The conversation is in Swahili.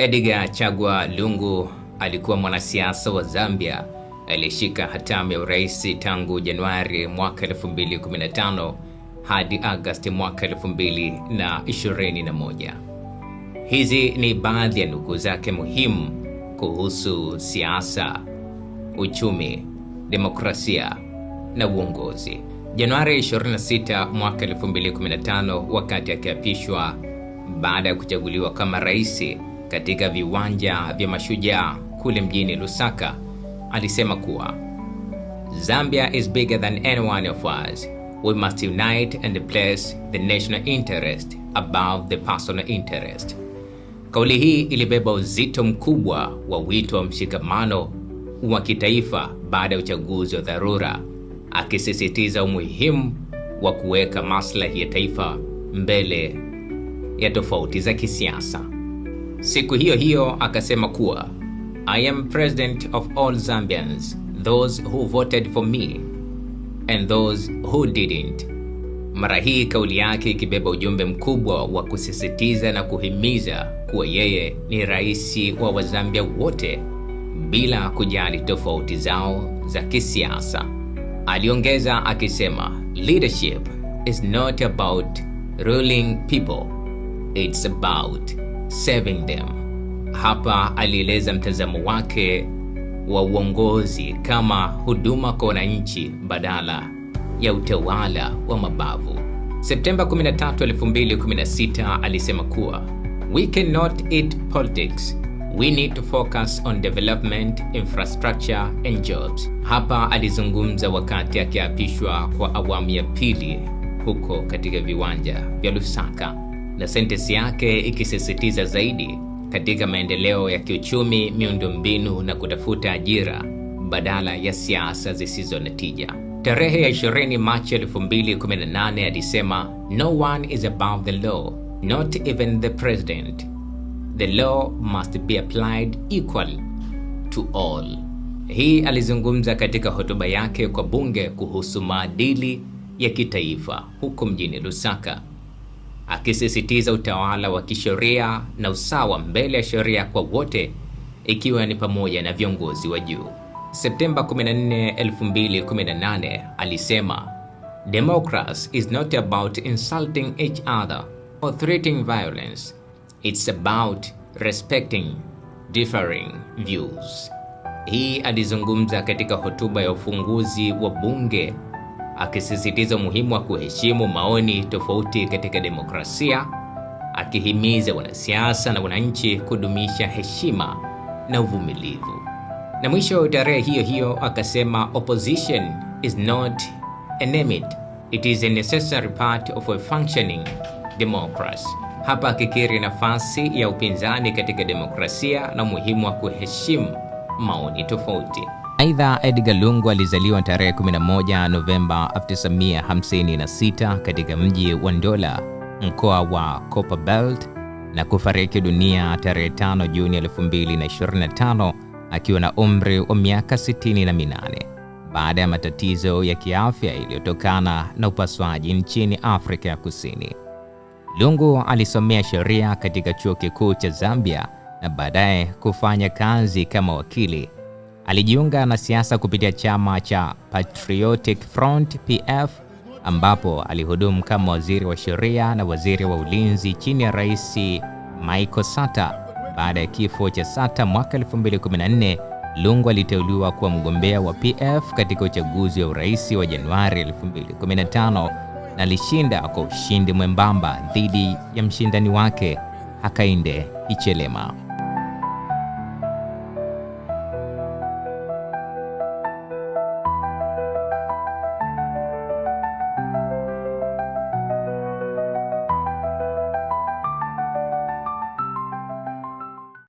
Edgar Chagwa Lungu alikuwa mwanasiasa wa Zambia aliyeshika hatamu ya urais tangu Januari mwaka 2015 hadi Agosti mwaka 2021. Hizi ni baadhi ya nukuu zake muhimu kuhusu siasa, uchumi, demokrasia na uongozi. Januari 26 mwaka 2015, wakati akiapishwa baada ya kuchaguliwa kama rais katika viwanja vya Mashujaa kule mjini Lusaka, alisema kuwa Zambia is bigger than anyone of us. We must unite and place the national interest above the personal interest. Kauli hii ilibeba uzito mkubwa wa wito wa mshikamano wa kitaifa baada ya uchaguzi wa dharura, akisisitiza umuhimu wa kuweka maslahi ya taifa mbele ya tofauti za kisiasa. Siku hiyo hiyo akasema kuwa I am president of all Zambians, those who voted for me and those who didn't. Mara hii kauli yake ikibeba ujumbe mkubwa wa kusisitiza na kuhimiza kuwa yeye ni rais wa Wazambia wote bila kujali tofauti zao za kisiasa. Aliongeza akisema, leadership is not about ruling people, it's about serving them. Hapa alieleza mtazamo wake wa uongozi kama huduma kwa wananchi badala ya utawala wa mabavu. Septemba 13, 2016 alisema kuwa we cannot eat politics. We need to focus on development, infrastructure and jobs. Hapa alizungumza wakati akiapishwa kwa awamu ya pili huko katika viwanja vya Lusaka na sentensi yake ikisisitiza zaidi katika maendeleo ya kiuchumi, miundombinu na kutafuta ajira badala ya siasa zisizo na tija. Tarehe ya 20 Machi 2018 alisema, no one is above the law not even the president the law must be applied equal to all. Hii alizungumza katika hotuba yake kwa bunge kuhusu maadili ya kitaifa huko mjini Lusaka akisisitiza utawala wa kisheria na usawa mbele ya sheria kwa wote, ikiwa ni pamoja na viongozi wa juu. Septemba 14, 2018 alisema, Democracy is not about insulting each other or threatening violence. It's about respecting differing views. Hii alizungumza katika hotuba ya ufunguzi wa bunge akisisitiza umuhimu wa kuheshimu maoni tofauti katika demokrasia, akihimiza wanasiasa na wananchi kudumisha heshima na uvumilivu. Na mwisho wa tarehe hiyo hiyo akasema, opposition is not enemy, it is a necessary part of a functioning democracy. Hapa akikiri nafasi ya upinzani katika demokrasia na umuhimu wa kuheshimu maoni tofauti. Aidha, Edgar Lungu alizaliwa tarehe 11 Novemba 1956 katika mji wa Ndola, mkoa wa Copperbelt na kufariki dunia tarehe 5 Juni 2025 akiwa na umri wa miaka 68 baada ya matatizo ya kiafya iliyotokana na upasuaji nchini Afrika ya Kusini. Lungu alisomea sheria katika chuo kikuu cha Zambia na baadaye kufanya kazi kama wakili Alijiunga na siasa kupitia chama cha Patriotic Front PF ambapo alihudumu kama waziri wa sheria na waziri wa ulinzi chini ya Rais Michael Sata. Baada ya kifo cha Sata mwaka 2014, Lungu aliteuliwa kuwa mgombea wa PF katika uchaguzi wa urais wa Januari 2015 na alishinda kwa ushindi mwembamba dhidi ya mshindani wake Hakainde Hichilema.